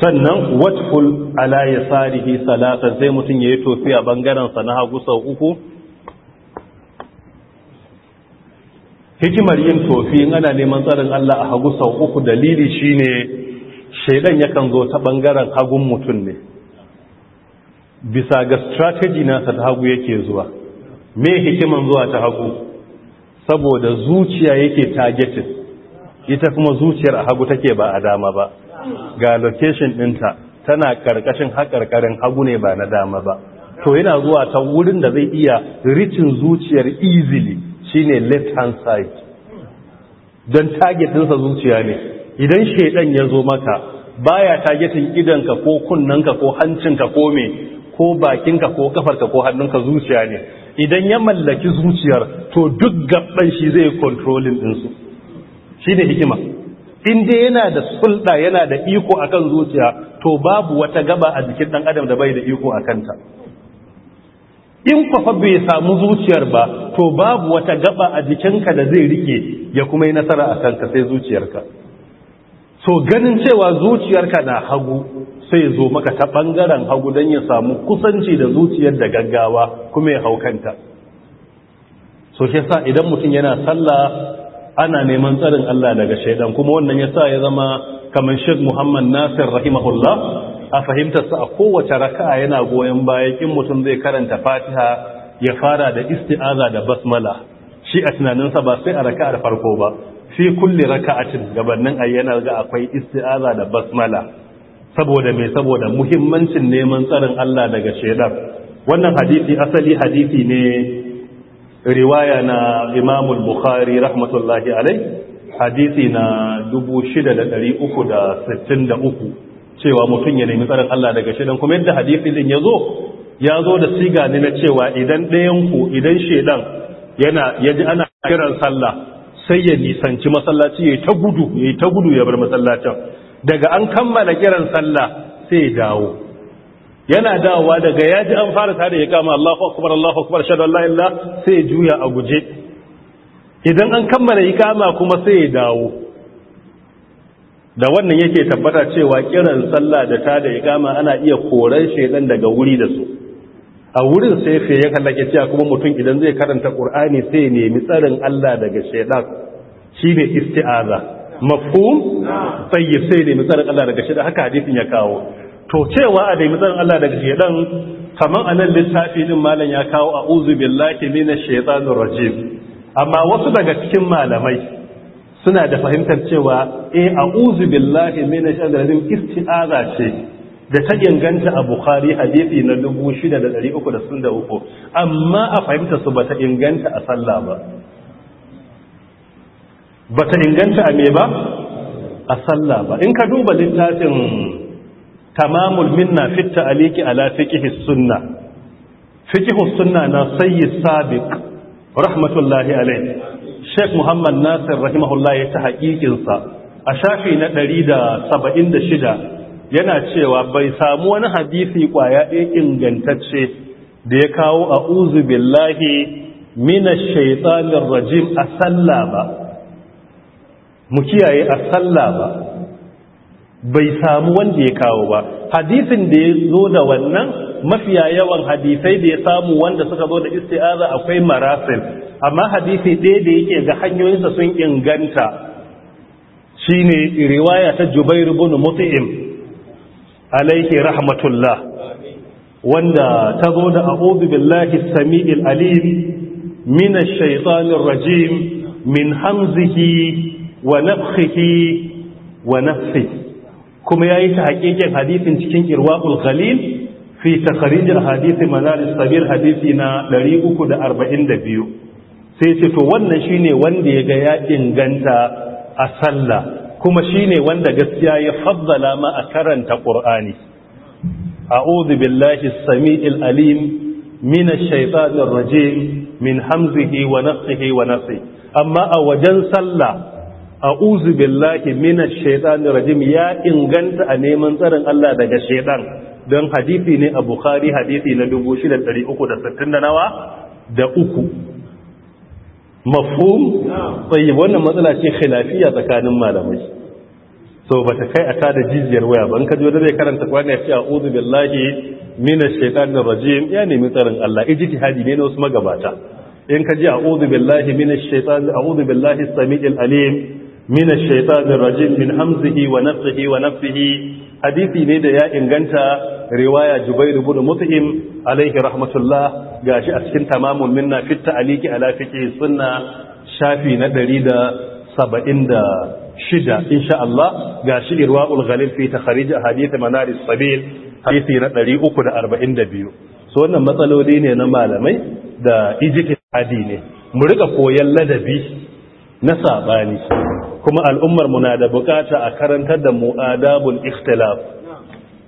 sannan watful ala yasarihi salata sai mutum ya yi tofi a bangarensa na hagu sau uku hikimar yin tofi in ana neman tsarin Allah a hagu sau uku dalili shine shaidan yakan zo ta bangaren hagun mutum ne bisa ga strategy nasa ta hagu yake zuwa me hikiman zuwa ta hagu saboda zuciya yake targeted ita kuma zuciyar a hagu take ba a dama ba ga location ɗinta tana ƙarƙashin haƙarƙarin hagu ne ba na dama ba to yana zuwa ta wurin da zai iya ricin zuciyar easily shine left hand side don target ɗinsa zuciya ne idan shaidan ya zo maka baya targetin idanka ko kunnanka ko hancinka ko me ko bakinka ko kafarka ko hannunka zuciya ne idan ya mallaki zuciyar to duk gaban shi zai controlling ɗinsu shi ne hikima in dai yana da sulɗa yana da iko akan zuciya to babu wata gaba a jikin ɗan adam da bai da iko a kanta in kwafa bai samu zuciyar ba to babu wata gaba a jikinka da zai rike ya kuma yi nasara a kanka sai zuciyarka so ganin cewa zuciyarka na hagu sai zo maka ta ɓangaren hagu don ya samu kusanci da zuciyar da gaggawa kuma ya haukanta so shi sa idan mutum yana sallah ana neman tsarin Allah daga shaidan kuma wannan ya sa ya zama kamar Sheikh Muhammad Nasir rahimahullah a fahimtar sa a kowace raka'a yana goyon baya in mutum zai karanta Fatiha ya fara da isti'aza da basmala shi a tunaninsa ba sai a raka'ar farko ba fi kulli raka'atin gabanin ayyana ga akwai isti'aza da basmala saboda me saboda muhimmancin neman tsarin Allah daga shaidan wannan hadisi asali hadisi ne riwaya na Imamul bukhari rahmatullahi alai hadisi na 6363 cewa mutum ya nemi tsaron Allah daga shedan kuma yadda hadisi din yazo ya zo da siga ne na cewa idan ɗayan ku idan shedan yana yaji ana kiran sallah sai ya nisanci masallaci yi ta gudu yi ta gudu ya bar masallacin daga an kammala kiran sallah sai ya dawo yana dawowa daga ya ji an fara tare ya kama Allahu akbar Allahu akbar shahadu Allah illa sai ya juya a guje idan an kammala ikama kuma sai ya dawo da wannan yake tabbata cewa kiran sallah da ta da ikama ana iya koran shedan daga wuri da su a wurin sai fe ya kallake cewa kuma mutum idan zai karanta Qur'ani sai ya nemi tsarin Allah daga shedan shine isti'aza mafhum tayyib sai ne nemi tsarin Allah daga shedan haka hadisin ya kawo to cewa a daimi tsarin Allah daga shedan kamar a nan littafi din malam ya kawo a uzu billahi minash shaitanir rajim amma wasu daga cikin malamai suna da fahimtar cewa eh a'udhu billahi minash shaitanir rajim isti'aza ce da ta inganta a Bukhari hadisi na 6363 amma a fahimta su ba ta inganta a sallah ba ba ta inganta a me ba a sallah ba in ka duba littafin tamamul minna fi Aliki ala fiqhi sunna fiqhi sunna na sayyid sabiq rahmatullahi alayh sheikh muhammad nasir rahimahullah ya ta hakikin sa a shafi na 176 yana cewa bai samu wani hadisi kwaya ɗaya ingantacce da ya kawo a'udhu billahi minash shaitanir rajim a sallah ba mu kiyaye a sallah ba bai samu wanda ya kawo ba hadisin da ya zo da wannan mafiya yawan hadisai da ya samu wanda suka zo da isti'aza akwai marasil amma hadisi ɗaya da yake ga hanyoyinsa sun inganta shine riwaya ta Jubair ibn Mut'im alayhi rahmatullah wanda ta zo da a'udhu billahi samiil alim minash shaitanir rajim min hamzihi wa nafthihi wa nafthihi kuma ya yi ta hakikin hadisin cikin irwaul khalil fi takharijil hadisi madaris sabir hadisi na 342 sai ce to wannan ne wanda ya ga ya inganta a sallah kuma shine wanda gaskiya ya faddala ma a karanta qur'ani a'udhu billahi samiil alim minash shaitanir raje, min hamzihi wa nafthihi wa nafsi amma a wajen sallah a'udhu billahi minash shaitanir rajim ya inganta a neman tsarin Allah daga shaitan don hadisi ne a Bukhari hadisi na 6360 da nawa da uku mafhum sai wannan matsala ce khilafiya tsakanin malamai so bata kai a tada jijiyar waya ban kaji wanda zai karanta kwana ya ce a'udhu billahi minash shaitanir rajim ya nemi tsarin Allah ijtihadi ne na wasu magabata in kaji a'udhu billahi minash shaitanir a'udhu billahi samiil alim Mina ash-shaytanir rajim min hamzihi wa nafthihi wa nafthihi hadisi ne da ya inganta riwaya Jubair ibn Mut'im alayhi rahmatullah gashi a cikin tamamul minna fit ta'liqi ala fiqh sunna shafi na 176 insha Allah gashi irwaul ghalil fi takhrij ahadith manar as-sabil hadisi na 342 so wannan matsaloli ne na malamai da ijtihadi ne mu rika koyan ladabi na saɓani. kuma al'ummar mu na da bukata a karantar da mu adabul ikhtilaf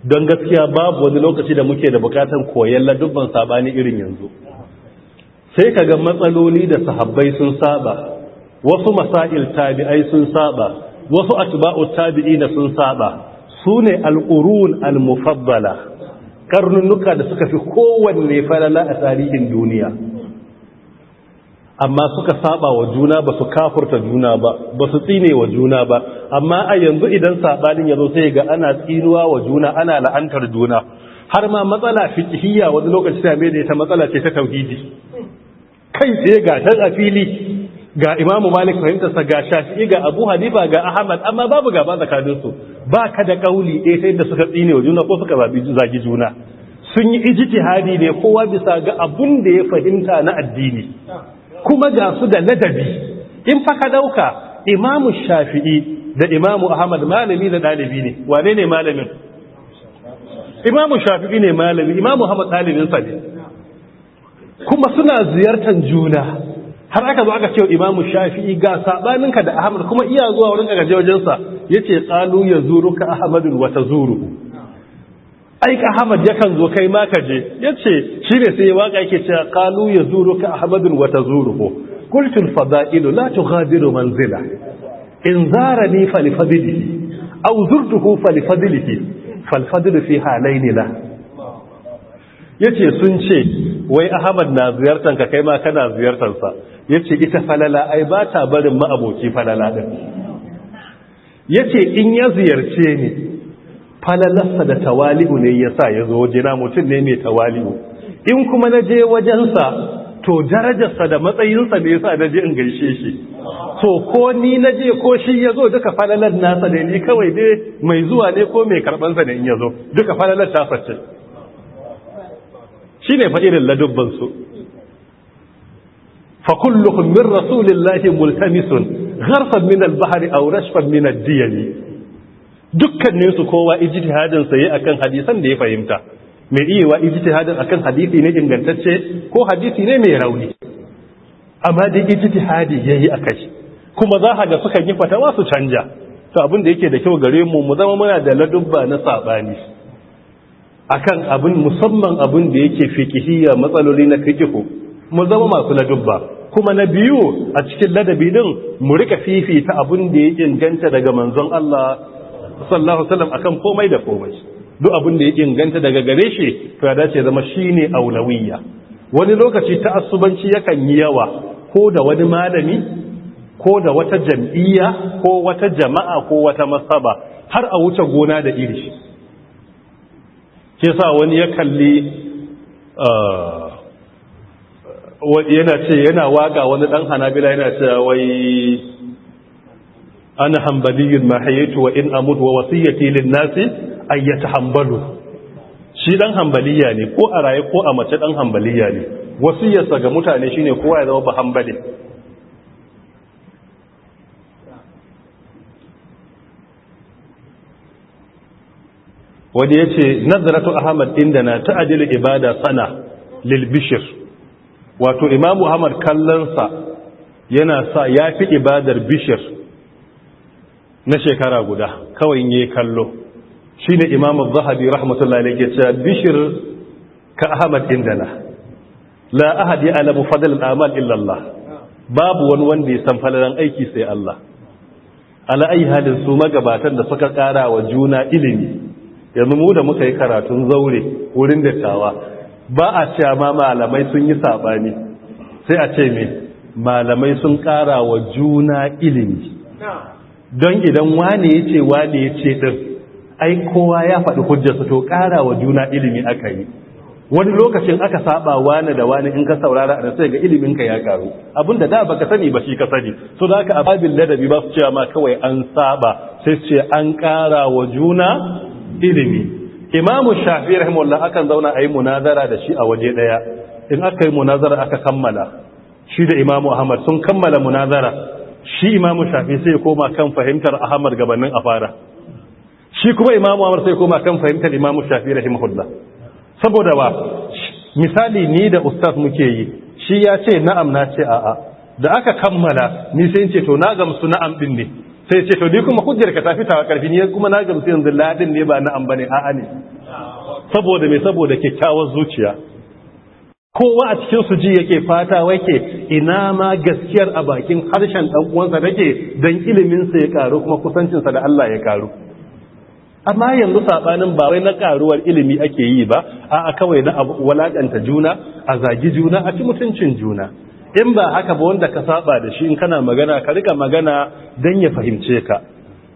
don gaskiya babu wani lokaci da muke da bukatan koyon ladubban sabani irin yanzu sai kaga matsaloli da sahabbai sun saba wasu masail tabi'ai sun saba wasu atba'u tabi'ina sun saba sune ne qurun al-mufaddala karnunuka da suka fi kowanne falala a tarihin duniya amma suka saba wa juna ba su kafurta juna ba ba su tsine wa juna ba amma a yanzu idan sabanin ya zo sai ga ana tsinuwa wa juna ana la'antar juna har ma matsala fiqhiyya wani lokaci ta mai da ita matsala ce ta tauhidi kai sai ga ta fili ga imamu malik sa, ga shafi'i ga abu hanifa ga ahmad amma babu gaba tsakaninsu ba ka da kauli ɗaya sai yadda suka tsine wa juna ko suka zabi zagi juna sun yi ijtihadi ne kowa bisa ga abun da ya fahimta na addini kuma ga su da ladabi in fa ka dauka imamu shafi'i da imamu ahmad malami da dalibi ne wane ne malamin imamu shafi'i ne malami imamu ahmad dalibin sa ne kuma suna ziyartar juna har aka zo aka ce imamu shafi'i ga sabaninka da ahmad kuma iya zuwa wurin ka gaje wajensa yace qalu yazuruka Ahmadu wa tazuruhu aika ahmad yakan zo kai ma ya ce shi ne sai ya waka yake cewa qalu yazuruka ahmadun wa tazuruhu qultu al-fada'ilu la tughadiru manzila in zara ni li fadlihi aw zurtuhu fa li fal fadlu fi halaini la yace sun ce wai ahmad na ziyartan ka kai ma kana ziyartan sa yace ita falala ai ba ta barin ma aboki falala din yace in ya ziyarce ni falalarsa da tawali'u ne ya sa ya zo wajena mutum ne mai tawali'u in kuma na je wajensa to darajarsa da matsayinsa ne ya sa na je in gaishe shi to ko ni na je ko shi ya zo duka falalar nasa ne ni kawai dai mai zuwa ne ko mai karɓansa ne in ya zo duka falalar ta sace shi ne fa'irin ladubbansu fa min rasulillahi multamisun gharfan min al bahari aw rashfan min su kowa ijtihadin sa akan hadisan da ya fahimta mai iyawa ijtihadin akan hadisi ne ingantacce ko hadisi ne mai rauni amma dai ijtihadi yayi akai kuma za ka ga suka yi fatawa su canja to abin da yake da kyau gare mu mu zama muna da ladubba na sabani akan abin musamman abin da yake fiqhiyya matsaloli na fiqhu mu zama masu ladubba kuma na biyu a cikin ladabi din mu rika fifita abin da yake inganta daga manzon Allah sallallahu sallam akan komai da komai duk abin da ya inganta daga gare shi to ya dace zama shine aulawiyya wani lokaci ta asubanci yakan yi yawa ko da wani malami ko da wata jam'iyya ko wata jama'a ko wata masaba har a wuce gona da iri ke sa wani ya kalli uh, yana ce yana waga wani dan hanabila yana ce wai ana hambaliyin mahayetu wa in amur wa wasiyyati lin nasi ayyata hambalu. shi dan hambaliya ne ko a raye ko a mace dan hambaliya ne wasiyarsa ga mutane shine kowa ya zama ba hambali wani ya ce nazaratu ahmad inda na ta'adilu ibada sana lil bishir wato imamu ahmad kallonsa yana sa ya fi ibadar bishir na shekara guda kawai yi kallo shi ne Imam al zahabi rahmatullahi ke cewa bishir ka ahmad indana la ahadi alamu fadalin amal illallah babu wani wanda ya san falalan aiki sai Allah ala ayi halin su magabatan da suka kara wa juna ilimi yanzu mu da muka yi karatun zaure wurin dattawa ba a cewa ma malamai sun yi sabani sai a ce me malamai sun kara wa juna ilimi don idan wane ya ce wane ya ce ɗin ai kowa ya faɗi hujjarsa to ƙara wa juna ilimi aka yi wani lokacin aka saba wane da wane in ka saurara a sai ga iliminka ya karu abinda da baka sani ba shi ka sani so da haka ababin ladabi ba su cewa ma kawai an saba sai ce an ƙara wa juna ilimi imamu shafi rahimullah akan zauna a yi munazara da shi a waje ɗaya in aka yi munazara aka kammala shi da imamu ahmad sun kammala munazara shi imamu shafi sai koma kan fahimtar ahmad gabanin a fara shi kuma imamu amur sai koma kan fahimtar imamu shafi rahimahullah saboda ba misali ni da ustaz muke yi shi ya ce na'am na ce a'a da aka kammala ni sai ce to na gamsu na'am din ne sai ce to ni kuma hujjar ka tafi ta karfi ni kuma na gamsu yanzu ladin ne ba na'am bane a'a ne saboda me saboda kyakkyawar zuciya kowa a cikin su ji yake fata wake ina ma gaskiyar a bakin harshen dan uwansa take dan ilimin sa ya karu kuma kusancin sa da Allah ya karu amma yanzu sabanin ba wai na karuwar ilimi ake yi ba a'a kawai na walakanta juna a zagi juna a ci mutuncin juna in ba haka ba wanda ka saba da shi in kana magana ka rika magana dan ya fahimce ka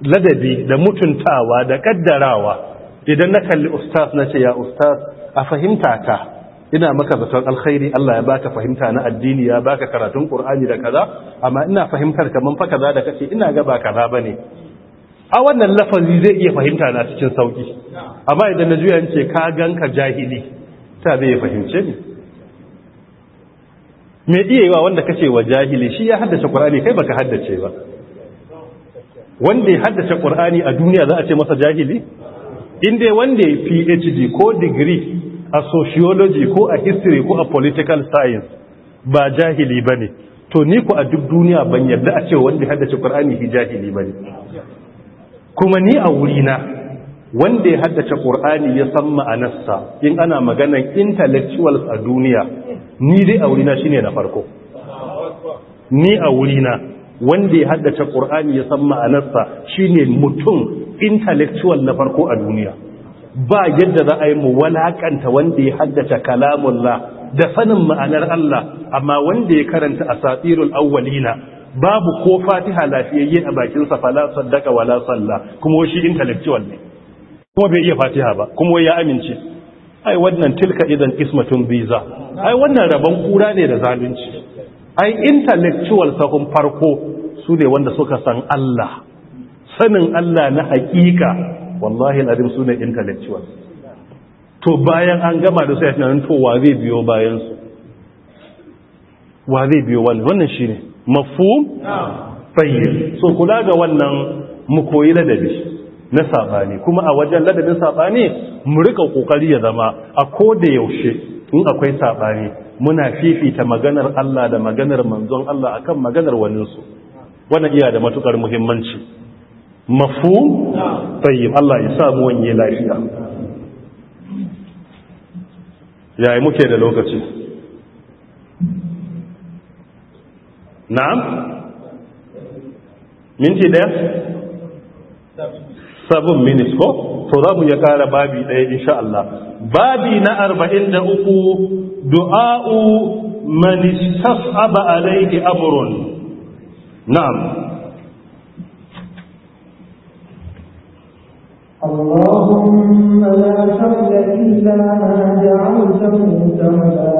ladabi da mutuntawa da kaddarawa idan na kalli ustaz na ce ya ustaz a fahimta ka ina maka zaton alkhairi Allah ya baka fahimta na addini ya baka karatun Qur'ani da kaza amma ina fahimtar kaman fa kaza da kace ina ga ba kaza bane a wannan lafazi zai iya fahimta na cikin sauki amma idan na juya ce ka ganka jahili ta bai fahimce ni me iya yiwa wanda kace wa jahili shi ya haddace Qur'ani kai baka haddace ba wanda ya haddace Qur'ani a duniya za a ce masa jahili in dai wanda ya PhD ko degree a sociology ko a history ko a political science ba jahili ba ne to ni ku a duk duniya ban yadda a ce wanda haddace ƙur'ani shi jahili ba ne kuma ni a wurina wanda ya haddace ƙur'ani ya san ma'anarsa in ana maganan intellectuals a duniya ni dai a wurina shine na farko ni a wurina wanda ya haddace ƙur'ani ya san ma'anarsa shine mutum intellectual na farko a duniya ba yadda za a yi mu walakanta wanda ya haddace kalamullah da sanin ma'anar Allah amma wanda ya karanta asatirul awwalina babu ko fatiha lafiyayye a bakin sa fala saddaka wala salla kuma shi intellectual ne kuma bai iya fatiha ba kuma ya amince ai wannan tilka idan ismatun biza ai wannan rabon kura ne da zalunci ai intellectual sahun farko su ne wanda suka san Allah sanin Allah na hakika wallahi al'adim su ne intellectual to bayan an gama da su ya tunanin to wa zai biyo bayansu wa zai biyo wannan shi ne mafu fayyar so kula ga wannan mu koyi ladabi na sabani kuma a wajen ladabin saɓani mu rika ƙoƙari ya zama a ko da yaushe in akwai saɓani muna fifita maganar Allah da maganar manzon Allah akan maganar waninsu wannan iya da matukar muhimmanci mafu tayyib Allah ya samu wanye lafiya yayi muke da lokaci na'am minti da sabon minutes ko to za mu ya kara babi daya insha Allah babi na 43 du'a'u man istasaba alayhi amrun na'am اللهم لا حول إلا ما جعلته سهلا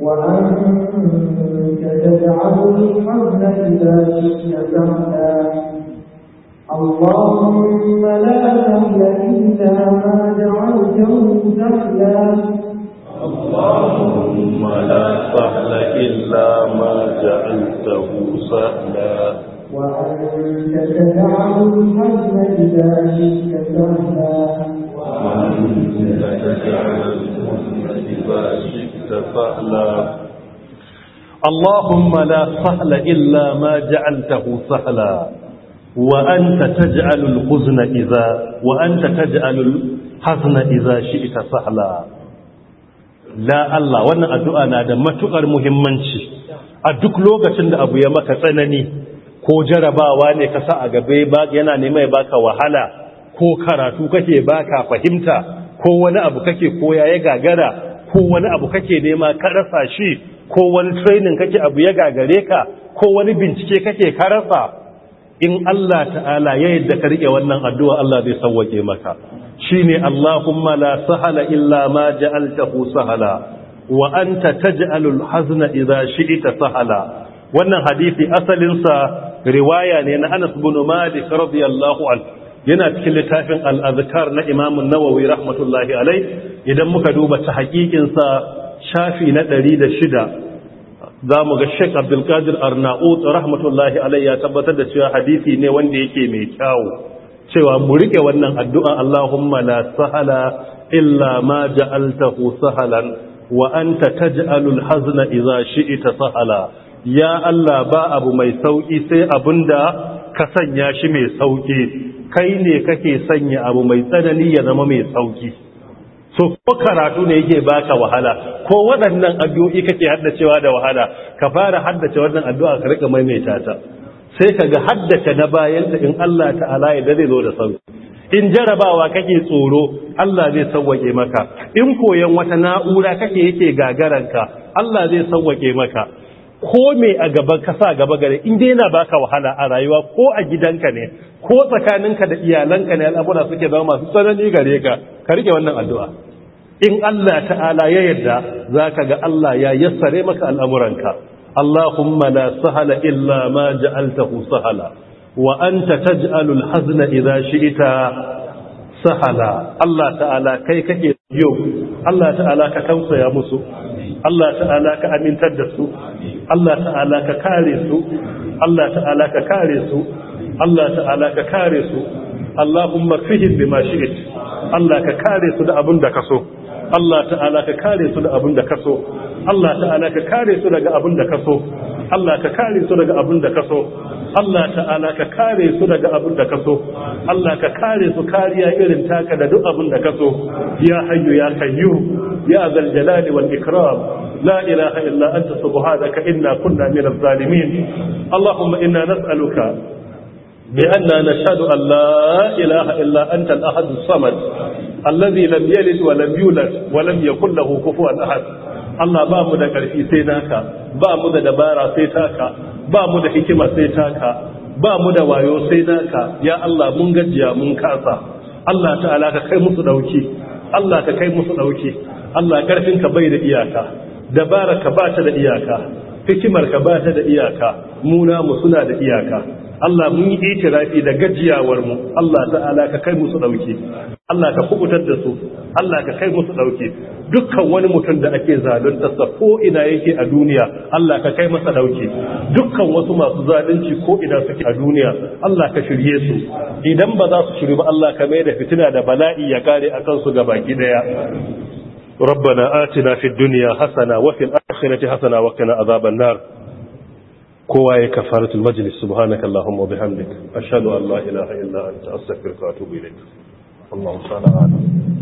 وأنت تجعل الحزن إذا شئت سهلا اللهم لا سهل إلا ما جعلته سهلا اللهم لا سهل إلا ما جعلته سهلا اللهم لا سهل إلا ما جعلته سهلا وأنت تجعل الحزن إذا وأنت تجعل الحزن إذا شئت سهلا لا الله وانا أنا دمتقر مهمنش أدك لوغة شند أبو يمك تنني ko jarabawa ne ka sa a gabe yana nema ya baka wahala ko karatu kake baka fahimta ko wani abu kake koya ya gagara ko wani abu kake nema karasa shi ko wani training kake abu ya gagare ka ko wani bincike kake karasa in Allah ta'ala ya yadda ka rike wannan addu'a Allah zai sauwake maka shine Allahumma la sahala illa ma ja'altahu sahala wa anta taj'alul hazna idha shi'ta sahala wannan hadisi asalinsa. riwaya ne na Anas bin Malik radiyallahu anhu yana cikin littafin al-azkar na Imam an-Nawawi rahmatullahi alai idan muka duba ta hakikin sa shafi na 106 zamu ga Sheikh Abdul Qadir Arnaut rahmatullahi alai ya tabbatar da cewa hadisi ne wanda yake mai kyau cewa mu rike wannan addu'a Allahumma la sahala illa ma ja'altahu sahalan wa anta taj'alul hazna idza shi'ta sahala ya Allah ba abu mai sauƙi sai abin da ka sanya shi mai sauƙi kai ne kake sanya abu mai tsanani ya zama mai sauƙi so ko karatu ne yake baka wahala ko waɗannan addu'o'i kake haddacewa da wahala ka fara haddace wannan addu'a ka rika maimaita ta sai ka ga haddace na bayan ta in Allah ta'ala ya zai zo da sauƙi in jarabawa kake tsoro Allah zai sauƙe maka in koyon wata na'ura kake yake gagaranka Allah zai sauƙe maka ko me a gaban kasa gaba gare in dai yana baka wahala a rayuwa ko a gidanka ne ko tsakaninka da iyalanka ne al'amura suke zama masu tsanani gare ka ka rike wannan addu'a in Allah ta'ala ya yarda zaka ga Allah ya yassare maka al'amuranka Allahumma la sahala illa ma ja'altahu sahala wa anta taj'alul hazna idza ita sahala Allah ta'ala kai kake yau Allah ta'ala ka tausaya musu Allah ta'ala ka amintar da su Allah ta'ala ka kare su Allah ta'ala ka kare su Allah ta'ala ka kare su Allahumma fihim bima shi'it Allah ka kare su da abin da ka so Allah ta'ala ka kare su da abin da ka so Allah ta'ala ka kare su daga abin da ka so Allah ka kare su daga abin da ka so Allah ta'ala ka kare su daga abin da kaso Allah ka kare su kariya irin taka da duk abin da kaso ya hayyu ya qayyum ya zal jalali wal ikram la ilaha illa anta subhanaka inna kunna min minaz zalimin Allahumma inna nas'aluka bi anna nashhadu an la ilaha illa anta al-ahad as-samad alladhi lam yalid wa lam yulad wa lam yakul lahu kufuwan ahad Allah ba mu da karfi sai naka ba mu da dabara sai taka ba mu da hikima sai taka ba mu da wayo sai naka ya Allah mun gajiya mun kasa Allah ta'ala ka kai musu dauki Allah ka kai musu dauki Allah karfin ka bai da iyaka dabara ka ba ta da iyaka hikimar ka ba ta da iyaka muna mu suna da iyaka Allah mun yi itirafi da gajiyawar mu Allah ta'ala ka kai musu dauke Allah ka kubutar da su Allah ka kai musu dauke dukkan wani mutum da ake zalunta sa ko ina yake a duniya Allah ka kai masa dauke dukkan wasu masu zalunci ko ina suke a duniya Allah ka shirye su idan ba za su shiru ba Allah ka mai da fitina da bala'i ya kare akan su gaba daya ربنا آتنا في الدنيا حسنة وفي الآخرة حسنة وقنا عذاب النار كواي كفارة المجلس سبحانك اللهم وبحمدك أشهد أن لا إله إلا أنت أستغفرك وأتوب إليك اللهم صل على